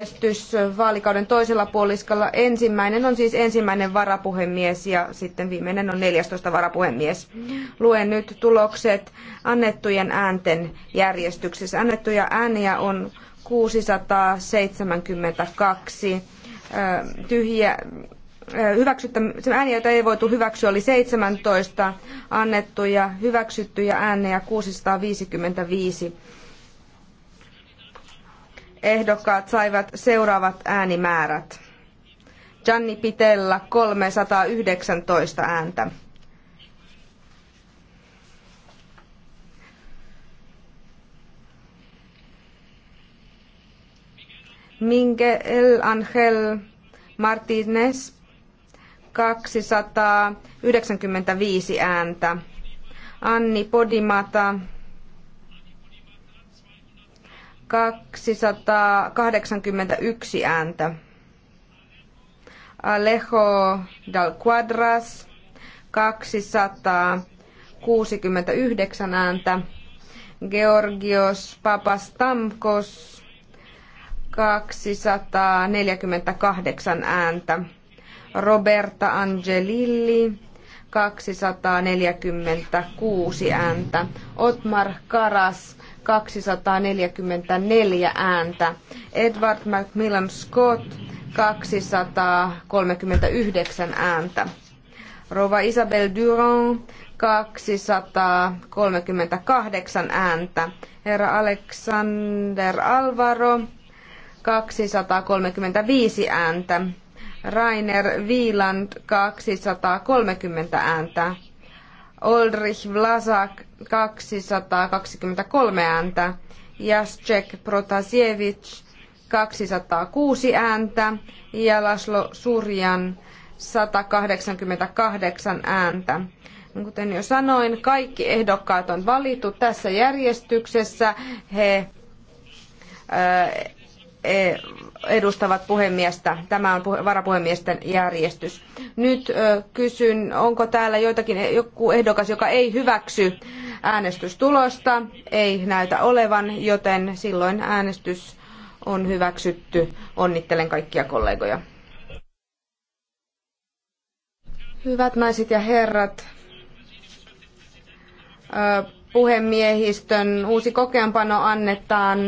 äänestys vaalikauden toisella puoliskolla. Ensimmäinen on siis ensimmäinen varapuhemies ja sitten viimeinen on 14 varapuhemies. Luen nyt tulokset annettujen äänten järjestyksessä. Annettuja ääniä on 672. Tyhjä, hyväksyttä, ääniä, joita ei voitu hyväksyä, oli 17 annettuja, hyväksyttyjä ääniä 655 ehdokkaat saivat seuraavat äänimäärät. Gianni Pitella 319 ääntä. Miguel Angel Martinez 295 ääntä. Anni Podimata 281 ääntä. Alejo Dal Quadras 269 ääntä. Georgios Papastamkos 248 ääntä. Roberta Angelilli 246 ääntä. Otmar Karas 244 ääntä. Edward Macmillan Scott 239 ääntä. Rova Isabel Durand 238 ääntä. Herra Alexander Alvaro 235 ääntä. Rainer Wieland 230 ääntä. Olrich Vlasak 223 ääntä, Jacek Protasiewicz 206 ääntä ja Laslo Surjan 188 ääntä. Kuten jo sanoin, kaikki ehdokkaat on valittu tässä järjestyksessä. He e, edustavat puhemiestä. Tämä on varapuhemiesten järjestys. Nyt kysyn, onko täällä joitakin, e, joku ehdokas, joka ei hyväksy äänestystulosta? Ei näytä olevan, joten silloin äänestys on hyväksytty. Onnittelen kaikkia kollegoja. Hyvät naiset ja herrat, puhemiehistön uusi kokeenpano annetaan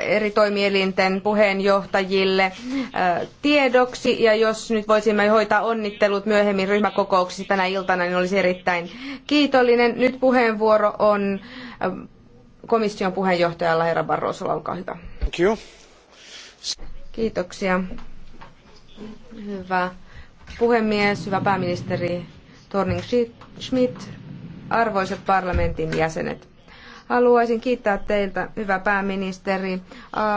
eri toimielinten puheenjohtajille tiedoksi. Ja jos nyt voisimme hoitaa onnittelut myöhemmin ryhmäkokouksissa tänä iltana, niin olisi erittäin kiitollinen. Nyt puheenvuoro on komission puheenjohtajalla herra Barrosolla. Olkaa hyvä. Thank Kiitoksia. Hyvä puhemies, hyvä pääministeri Torning Schmidt, arvoisat parlamentin jäsenet. Haluaisin kiittää teiltä, hyvä pääministeri,